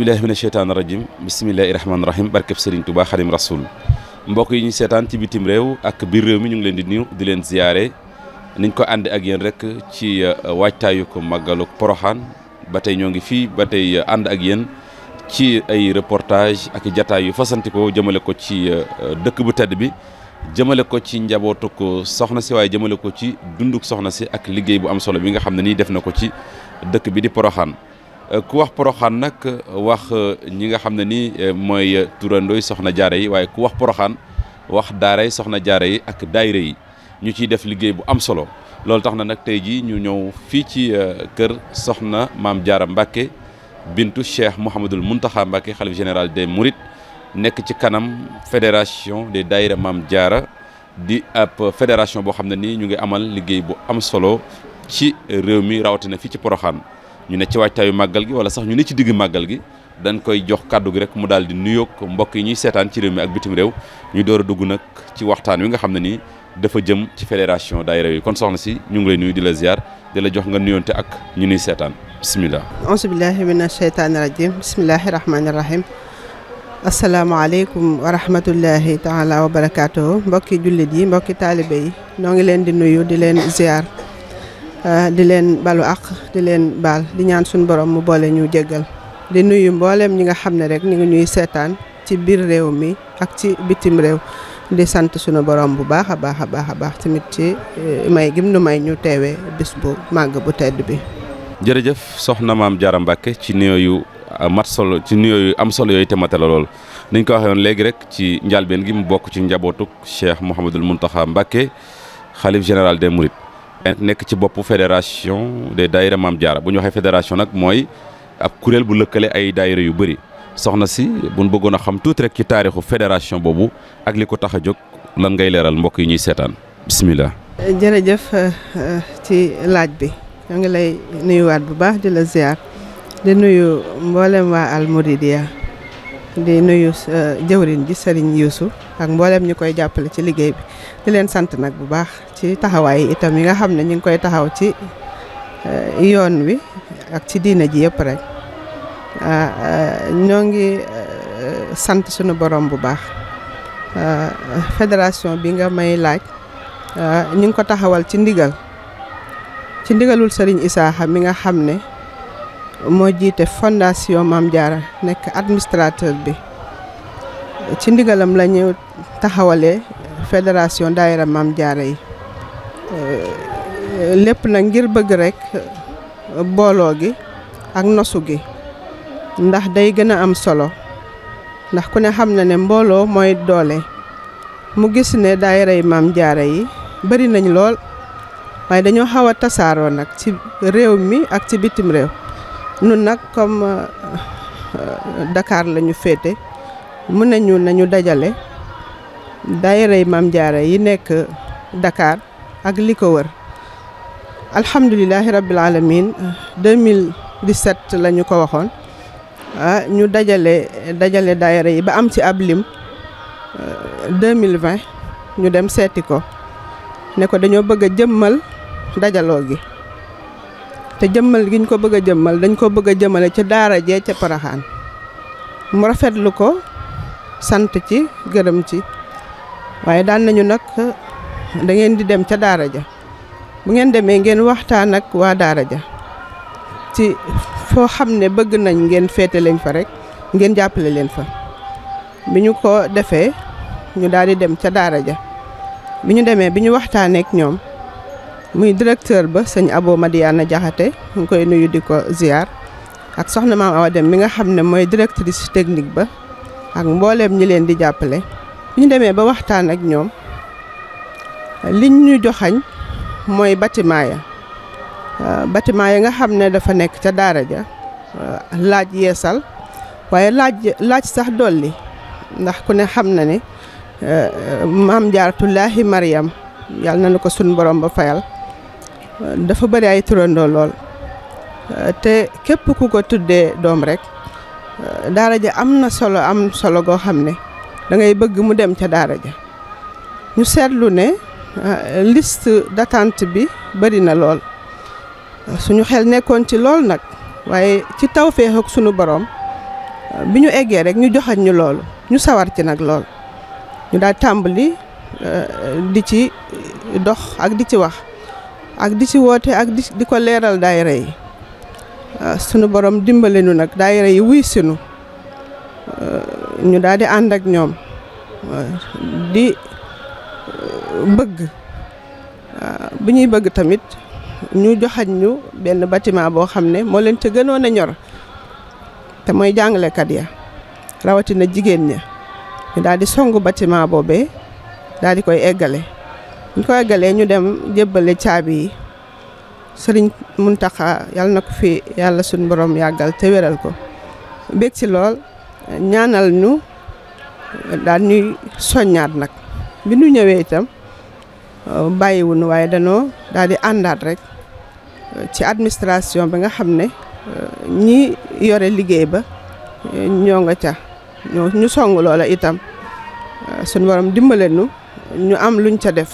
billahi mina sheytaani rajim bisimilahi rahmaani rahim barkeb sëriñ Tuubaa xadim rasul mbokk yi ñu seetaan ci bitim réew ak biir réew mi ñu ngi leen di nuyu di leen ziyaare niñ ko ànd ak yéen rek ci uh, waajtaayu ko màggalu Poroxaan ba tey ñoo ngi fii ba tey uh, ànd ak yenn ci ay reportage ak jataay yu fasanti ko jëmale ko ci uh, dëkk bu tedd bi jëmale ko ci njabootu ko soxna si waaye jëmale ko ci dunduk soxna si ak liggéey bu am solo bi nga xam ne nii def na ko ci dëkk bi di Euh, ku wax poroxaan nag euh, wax euh, ñi nga xam ne ni mooy turandooy soxna jaare yi waaye ku wax poroxaan wax daaray soxna jaara yi ak daayira yi ñu ciy def liggéey bu am solo loolu tax na nag tey jii ñu ñëw fii ci kër soxna maam jaara Mbacke bintu cheikh Mouhamadul Mountakha Mbacke xalif général de Mourides nekk ci kanam fédération de daayira maam jaara di ab fédération boo xam ne nii ñu ngi amal liggéey bu am solo ci réew mi rawatina fii ci poroxaan ñu ne ci waajtaayu magal gi wala sax ñu ne ci digg magal gi dañ koy jox cadeau gi rek mu daldi di nuyoog mbokk yi ñuy seetaan ci rew mi ak bitim rew ñu door a dugg nag ci waxtaan wi nga xamne ni dafa jëm ci fédération daayira yi kon soxna ci ñu ngi lay nuyu di la ziar di la jox nga nuyonté ak ñu ni nuy bismillah a'udhu billahi minash asheytaani rajim bismillahir rahmanir rahim asalaamaaleykum wa rahmatullahi taala wa barakaatuhu mbokki jullit yi mbokki taalibe yi noo ngi leen di nuyu di leen ziar Eh, di leen balu ak di leen baal di ñaan suñu borom mu boole ñu jéggal di nuyu mbooleem ñi nga xam ne rek ñu ngi ñuy seetaan ci biir réew mi ak ci bitim réew di sant suñu borom bu baax a baax a baax a baax tamit ci eh, may gim nu may ñu teewee bis bu màgg bu tedd bi. jërëjëf soxna maam Jaara Mbàkke ci nuyoo yu eh, mat solo ci nuyoo yu am solo yooyu te matala lool niñ ko waxee woon léegi rek ci njàlbeen gi mu bokk ci njabootuk Cheikh Mouhamadul Mountakha Mbàkke xalif général des Mourides. nekk ci boppu fédération des daayira Maam Jaara bu ñu waxee fédération nag mooy ab kuréel bu lëkkale ay daayira yu bëri soxna si buñ bëggoon a xam tuuti rek ci taarixu fédération boobu ak li ko tax a jóg lan ngay leeral mbokk yi ñuy seetaan bisimilah. jërëjëf euh, euh, ci laaj bi ñoo ngi lay nuyuwaat bu baax di la ziar di nuyu mboolem waa Almouridiya di nuyu euh, jëwriñ ji Serigne Youssou ak mbollem ñukoy koy ci liggéey bi di leen sant nak bu baax ci taxaway itam yi nga xam ñing koy taxaw ci eh, yoon wi ak ci diina ji yëpp rek ah, eh, ñoo ngi eh, sant borom bu baax ah, fédération bi nga may laaj ah, ñing ko taxawal ci ndigal ci ndigalul Serigne Isaaxa mi nga xam mo jité fondation mam jara nek administrateur bi ci ndigalam la taxawale taxawalee fédération daayira Maam Jaara yi euh, lépp nag ngir bëgg rekk booloo gi ak nosu gi ndax day gën a am solo ndax ku ne xam na ne mbooloo mooy doole mu gis ne daayira yi Maam Jaara yi bari nañ lool waaye dañoo xaw a tasaaroo nag ci réew mi ak ci bitim réew nu nag comme euh, Dakar lañu féete mun nañu nañu dajale yi Maam jaare yi nekk dakaar ak li ko wër alhamdulilahi rabbil alamin 2017 la lañu ko waxoon ah ñu dajale dajale daayira yi ba am ci ab lim euh, vingt ñu dem seeti ko ne ko dañoo bëgg jëmmal dajaloo gi te jëmmal gi ñu ko bëgg a jëmmal dañ ko bëgg a jëmale ca daara jee ca Porokhane mu rafetlu ko sant ci gërëm ci waaye daan nañu nag da ngeen di dem ca daara ja bu ngeen demee ngeen waxtaan ak waa daara ja ci foo xam ne bëgg nañ ngeen féete leen fa rek ngeen jàppale leen fa bi ñu ko defee ñu daal di dem ca daara ja bi ñu demee bi ñu waxtaanee ak ñoom muy directeur ba sëñ Abo Madiana Jaxate ñu koy nuyu di ko ziar ak soxna maam Awa Dem mi nga xam ne mooy directrice technique ba ak mboolem ñi leen di jàppale ñu demee ba waxtaan ak ñoom liñ ñu joxañ mooy batimaa ya euh, batimaa ya nga xam ne dafa nekk ca daara ja euh, laaj yeesal waaye laaj laaj sax dolli ndax ku ne xam na ne euh, maam jaaratullahi mariam yàll na ko sun borom ba fayal dafa bëri ay turandoo lool te képp ku ko tuddee doom rek daara ja am solo am solo go xamne da ngay bëgg mu dem ca daara ja ñu sétlu ne euh, liste d'attente bi bari na lool suñu xel nekkoon ci lool nak waye ci ak sunu borom biñu éggé rek ñu joxat ñu lool ñu sawar ci nak lool ñu da tambali euh, di ci dox ak di ci wax ak di ci ak di ko leeral Euh, sunu borom dimbale nu nag daayira yi wuy sunu euh, ñu daal di ànd ñoom euh, di bëgg bu ñuy bëgg tamit ñu joxañ ñu benn bâtiment boo xam ne moo leen ca gënoon a ñor te mooy jàngalekat ya rawatina jigéen ña ñu daal di songu bâtiment boobee daal di koy eggale ñu ko eggalee ñu dem jébbale caabi yi sëriñ Muntaxa yàlla na ko fi yàlla suñ borom yàggal ca wéral ko bég ci lool ñaanal ñu daal ñuy soññaat nag bi ñu ñëwee itam bàyyiwuñu waaye danoo daal di àndaat rek ci administration bi nga xam ne ñi yore liggéey ba ñoo nga ca ñu song loola itam suñ borom dimbale nu ñu am luñ ca def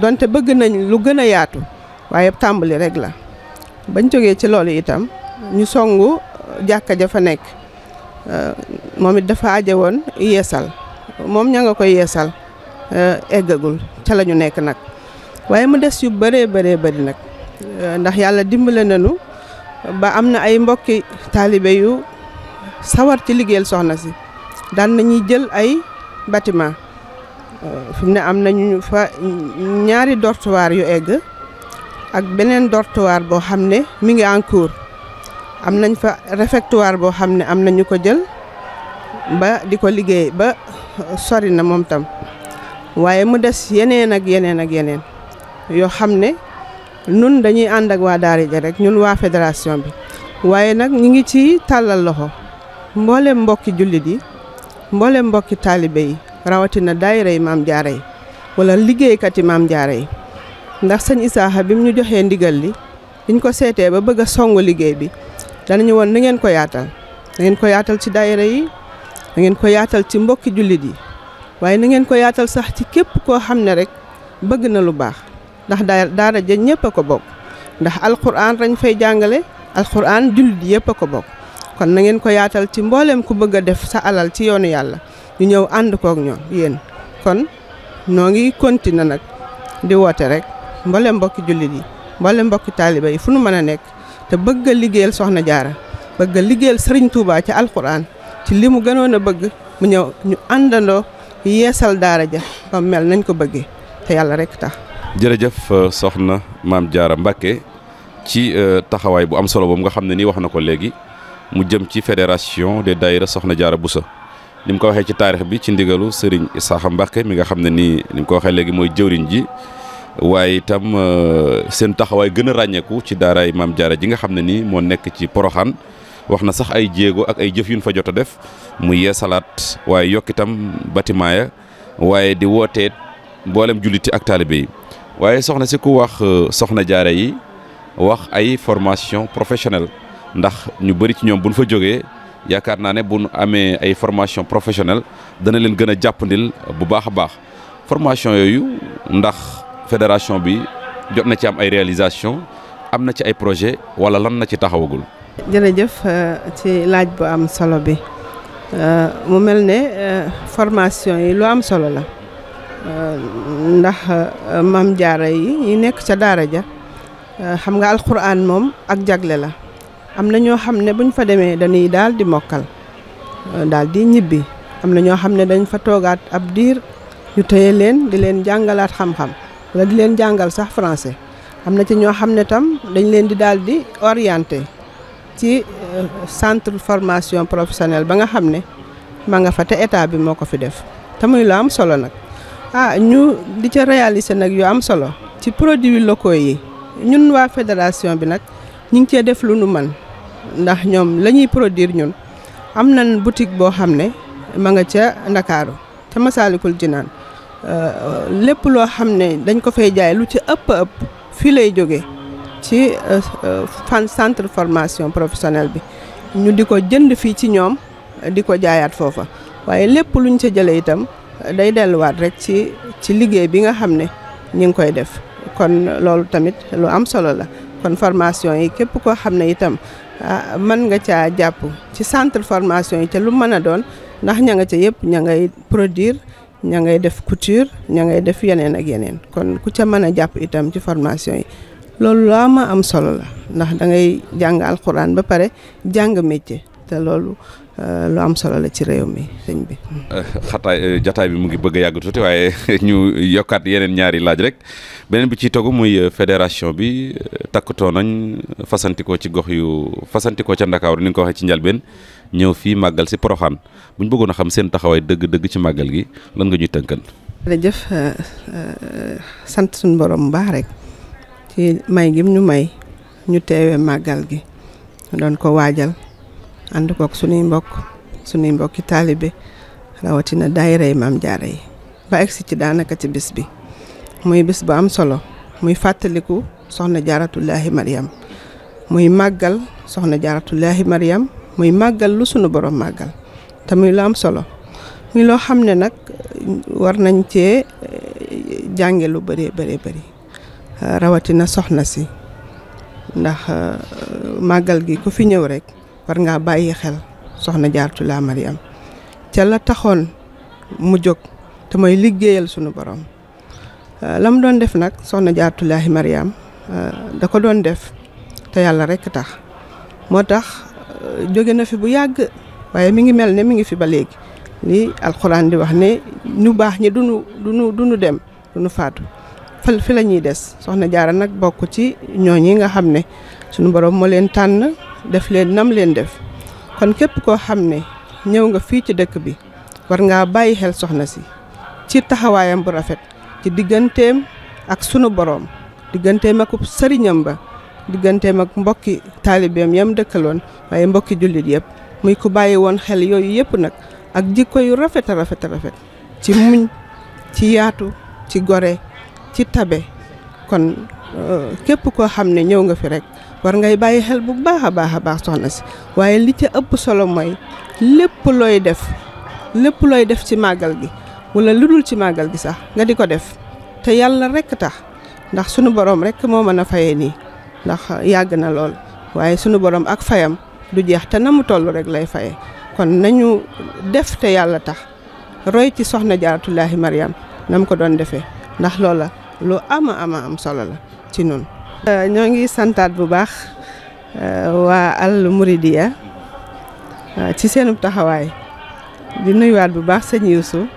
donte bëgg nañ lu gën a yaatu waaye tàmbali rek la bañ jógee ci loolu itam ñu songu jàkka ja fa nekk euh, moom it dafa aje woon yeesal moom ña nga koy yeesal euh, eggagul ca la ñu nekk nag waaye mu des yu bëree bëree bari nag euh, ndax yàlla dimbale nañu ba am na ay mbokki taalibe yu sawar ci liggéeyal soxna si daan nañuy jël ay bâtiment fi mu ne am nañu fa ñaari dortoir yu egg ak benen dortoir bo xamne mi ngi en cours am nañ fa réfectoire bo xamne am nañu ko jël ba di ko liggéey ba sori na mom tam waye mu dess yenen ak yenen ak yenen yo xamne nun dañuy and ak wa daari ja rek ñun wa fédération bi waye nag ñi ngi ci talal loxo mbolé mbokki jullit yi mbolé mbokki talibé yi na daayira yi maam wala liggéey kat maam jaaray ndax sëñ Isaaxa bi mu ñu joxee ndigal li biñ ko seetee ba bëgg songu song liggéey bi danañu won na ngeen ko yaatal na ngeen ko yaatal ci daayira yi na ngeen ko yaatal ci mbokki julit yi waaye na ngeen ko yaatal sax ci képp koo xam ne rek bëgg na lu baax ndax daara ja ñëpp ko bokk ndax alquran rañ fay jàngale alquran julit yëpp ko bokk kon na ngeen ko yaatal ci mbooleem ku bëgg a def sa alal ci yoonu yàlla ñu ñëw ànd koog ñoom yéen kon noo ngi continue nag di woote rek mboolem mbokki jullit yi mboolem mbokki taaliba yi fu nu mën a nekk te bëgg a liggéeyal soxna jaara bëgg a liggéeyal sëriñ Touba ci alxuraan ci li mu gënoon a bëgg mu ñëw ñu àndandoo yeesal daara ja comme mel nañ ko bëggee te yàlla rek tax. jërëjëf euh, soxna maam Jaara Mbacke ci euh, taxawaay bu am solo boobu nga xam ne nii wax na ko léegi mu jëm ci fédération des daayira soxna jaara Boussa ni mu ko waxee ci taarix bi ci ndigalu Serigne Isaaxa Mbacke mi nga xam ne nii ni mu ko waxee léegi mooy jëwriñ ji. waye itam euh, seen taxaway gëna rañeku ci daara imam jaara ji nga xamne ni mo nekk ci poroxaan waxna sax ay jéego ak ay jëf yuñ fa jotta def mu yeesalaat waye yok itam bâtiment ya di wooteet bolem juliti ak talibé waye soxna ci ku wax euh, soxna jaara yi wax ay formation professionnelle ndax ñu bari ci ñom buñ fa joggé yaakaar buñ amé ay formation professionnelle dana leen gëna jappandil bu baaxa baax formation yoyu ndax fédération bi jot na ci am ay réalisation am na ci ay projet wala lan na ci taxawagul. jërëjëf euh, ci laaj bu am solo bi euh, mu mel ne euh, formation yi lu am solo la ndax maam jaara yi yi nekk ca daara ja xam nga alxuraan moom ak jagle la am na ñoo xam ne buñ fa demee dañuy daal di mokkal daal di ñibbi am na ñoo xam ne dañ fa toogaat ab diir ñu téye leen di leen jàngalaat xam-xam wala di leen jàngal sax français am na ci ñoo xam ne tam dañ leen di daal di orienté ci euh, centre formation professionnelle ba nga xam ne ma nga fa te état bi moo ko fi def te muy lu am solo nag ah ñu di ca réaliser nag yu am solo ci produits locaux yi ñun waa fédération bi nag ñu ngi cee def lu nu man ndax ñoom la ñuy produire ñun am nañ boutique boo xam ne ma nga ca ndakaaru te jinaan Euh, lépp loo xam ne dañ ko fay jaay lu ci ëpp ëpp fii lay jógee ci euh, fan centre formation professionnelle bi ñu di ko jënd fii ci ñoom di ko jaayaat foofa waaye lépp luñ ci jëlee itam day delluwaat rek ci ci liggéey bi nga xam ne ñu ngi koy def kon loolu tamit lu am solo la kon formation yi képp koo xam ne itam ah, mën nga caa jàpp ci centre formation yi te lu mën a doon ndax ña nga ci yëpp ña ngay produire ña ngay def couture ña ngay def yeneen ak yeneen kon ku ca mën a jàpp itam ci formation yi loolu laa ma am solo la ndax da ngay jàng alxuraan ba pare jàng métier te loolu Eh, lu am solo la ci réew mi sëñ bi. Eh, xataay eh, jotaay bi mu ngi bëgg a yàgg tuuti waaye ñu yokkat yeneen ñaari laaj rek benen bi ci togu muy fédération bi takkutoo nañ fasantikoo ci gox yu fasantikoo ci Ndakaaru ni nga ko ci njalbeen ñew fi magal si Poroxaan buñ bëggu na xam seen taxaway deug deug ci magal gi lan nga ñuy tënkan. jërëjëf sant sun borom baax rek ci may gi ñu may ñu téwé magal gi don ko wajal ànd kook sunuy mbokk sunuy mbokki taalibe rawatina daayira yi maam jaara ba egsi ci daanaka ci bis bi muy bis bu am solo muy fàttaliku soxna jaaratullaahi Mariam muy màggal soxna jaaratullaahi Mariam muy magal lu sunu borom magal, ta muy am solo muy lo xam ne nag war nañ cee eh, jànge lu bëree rawatina soxna si ndax eh, magal gi ko fi ñew rek war nga bàyyi xel soxna jaartu la mariam ca la taxone mu jog te mooy liggéeyal suñu borom euh, lam doon def nak soxna jaartulaahi mariam euh, da ko doon def te yalla rek tax motax euh, joge na fi bu waye mi ngi melne mi ngi fi ba legi li alquran di wax ne ñu bax ñi duñu duñu duñu dem duñu faatu fal fi lañuy dess soxna jaara nak bokku ci nga xamne suñu borom mo leen tan def leen nam leen def kon képp koo xam ne ñëw nga fii ci dëkk bi war ngaa bàyyi xel soxna si ci taxawaayam bu rafet ci digganteem ak sunu borom digganteem ak sëriñam ba digganteem ak mbokki taalibeem yam dëkkaloon waaye mbokki jullit yëpp muy ku bàyyi woon xel yooyu yëpp nag ak jikko yu rafet a rafet a rafet ci muñ ci yaatu ci gore ci tabe kon euh, képp koo xam ne ñëw nga fi rek war ngay bàyyi xel bu baax a baax a baax soxna si waaye li ci ëpp solo mooy lépp looy def lépp looy def ci màggal gi wala lu dul ci màggal gi sax nga di ko def te yàlla rekk tax ndax sunu borom rekk moo mën a fayee nii ndax yàgg na lool waaye sunu borom ak fayam du jeex te na mu toll rekk lay faye kon nañu def te yàlla tax roy ci soxna jaaratullaahi Mariam na mu ko doon defee ndax loola lu ama ama am solo la ci noonu. Euh, ñoo ngi santaat bu baax euh, waa Al Mouridiyyah euh, ci seenub taxawaay di nuyuwaat bu baax sëñ Youssou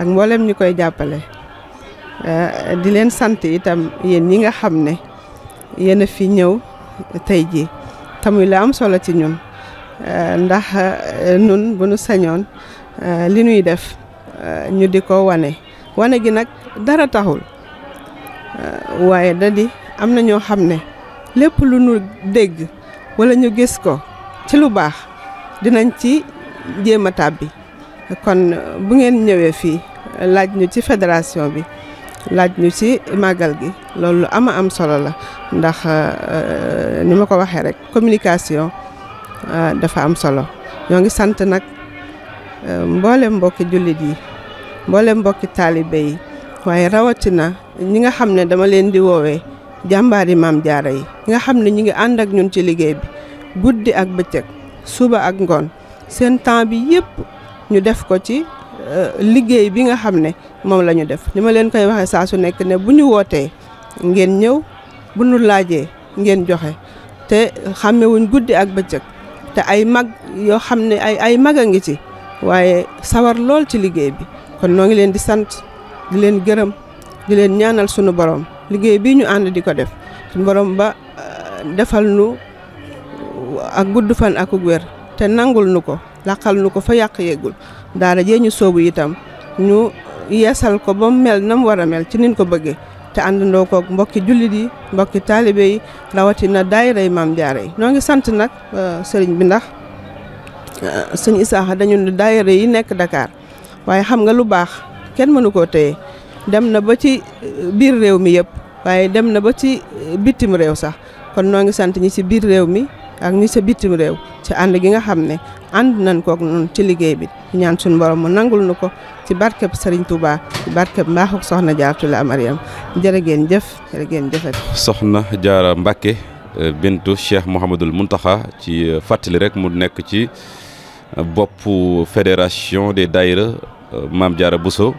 ak mboolem ñi koy jàppale di leen sant itam yéen ñi nga xam ne yéen fi ñëw tey jii tamuy la am solo ci ñun ndax nun bu nu sañoon li nuy def ñu di ko wane wane gi nag dara taxul waaye da am na ñoo xam ne lépp lu nu dégg wala ñu gis ko ci lu baax dinañ ci jéem a tàbbi kon euh, bu ngeen ñëwee fii laaj ñu ci fédération bi laaj ñu ci màggal gi loolu ama am solo la ndax euh, euh, ni ma ko waxee rek communication dafa am solo ñoo ngi sant nag mboolem mbokki jullit yi mboolem mbokki taalibe yi waaye rawatina ñi nga xam ne dama leen di woowee jàmbaar yi maam jaara yi nga xam ne ñu ngi ànd ak ñun ci liggéey bi guddi ak bëccëg suba ak ngoon seen temps bi yëpp ñu def ko ci euh, liggéey bi nga xam ne moom la ñu def li ma leen koy waxee saa su nekk ne bu ñu wootee ngeen ñëw bu ñu laajee ngeen joxe te xàmmewuñ guddi ak bëccëg te ay mag yoo xam ne ay ay mag a ngi ci waaye sawar lool ci liggéey bi kon noo ngi leen di sant di leen gërëm di leen ñaanal sunu borom. liggéey bi ñu ànd di ko def suñu borom ba euh, defal nu ak gudd fan ak wér te nangul nu ko làqal nu ko fa yàq yeggul daara jee ñu soobu itam ñu yeesal ko ba mu mel na mu war a mel ci nin ko bëggee te àndandoo koog mbokki jullit yi mbokki taalibe yi rawatina daayiray maam jaare yi noo ngi sant nag euh, sëriñ bi ndax euh, sëñ Isaaxa dañu ne daayira nekk Dakar waaye xam nga lu baax kenn mënu koo téye dem na ba ci eh, biir réew mi yëpp waaye dem na ba ci eh, bitim réew sax kon noo ngi sant ñi ci biir réew mi ak ñi sa bittim réew ci ànd gi nga xam ne ànd nañ kook noonu ci liggéey bi ñaan suñ borom mu nangul nu ko ci barkeb Serigne Touba ci barkeb mbaaxuk soxna Jaaratu la Mariam jërë ngeen jëf jërë ngeen jëfet soxna Jaara Mbacke eh, bintu Cheikh Mouhamadul Mountakha ci fàttali rek mu nekk ci boppu fédération des daïra Maam Jaara Bousso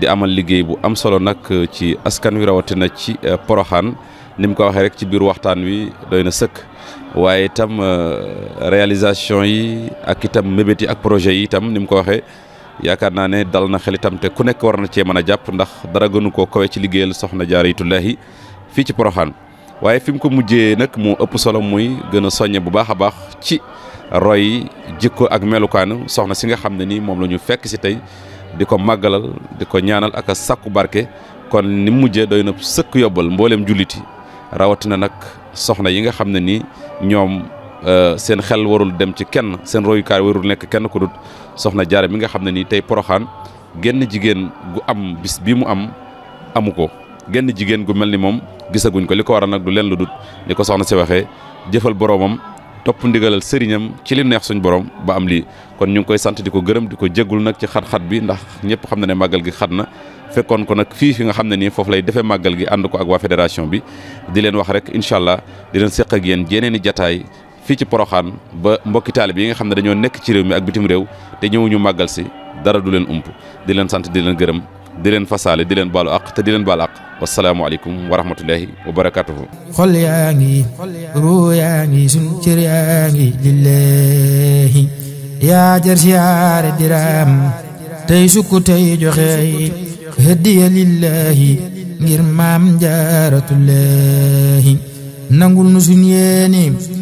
di amal liggéey bu am solo nag euh, ci askan wi rawatina ci euh, Porokhane ni mu ko waxee rek ci biir waxtaan wi doy na sëkk waaye itam euh, réalisation yi ak itam mébét yi ak projet yi itam ni mu ko waxee yaakaar naa ne dal na xel itam te ku nekk war na cee mën a jàpp ndax dara gënu ko kawe ci liggéeyal soxna jaaritullahi fii ci Porokhane waaye fi mu ko mujjee nag moo ëpp solo muy gën a soññe bu baax a baax ci roy jikko ak melukaanu soxna si nga xam ne nii moom la ñu fekk si tey di ko màggalal di ko ñaanal ak a sàkku barke kon ni mujjee doy na sëkk yobbal mbooleem julliti rawatina nag soxna yi nga xam ne nii ñoom euh, seen xel warul dem ci kenn seen royukaay warul nekk kenn ku dut soxna jaare mi nga xam ne nii tey poroxaan genn jigéen gu am bis bi mu am amu ko genn jigéen gu mel ni moom gisaguñ ko li ko waral nag du leen lu dut ni ko soxna si waxee jëfal boroomam topp ndigalal sëriñam ci lim neex suñ borom ba am lii kon ñu ngi koy sant di ko gërëm di ko jéggul nag ci xat-xat bi ndax ñëpp xam na ne màggal gi xat na fekkoon ko nag fii fi nga xam ne nii foofu lay defee màggal gi ànd ko ak waa fédération bi di leen wax rek incha allah di leen seq ak yéen yeneen i jataay fii ci poroxaan ba mbokki taalib yi nga xam ne dañoo nekk ci réew mi ak bitim réew te ñëwuñu màggal si dara du leen ump di leen sant di leen gërëm di leen fasaale di leen baalu àq te di leen baal wasalaamualeykum wa rahmatullahi wa barakatuhu xol yaa ngi ruu yaa ngi sun cër yaa ngi lillahi yaa jar siyaare diraam tey sukk tey joxe hëddiya lillahi ngir maam jaaratullahi nangul nu suñ yéeni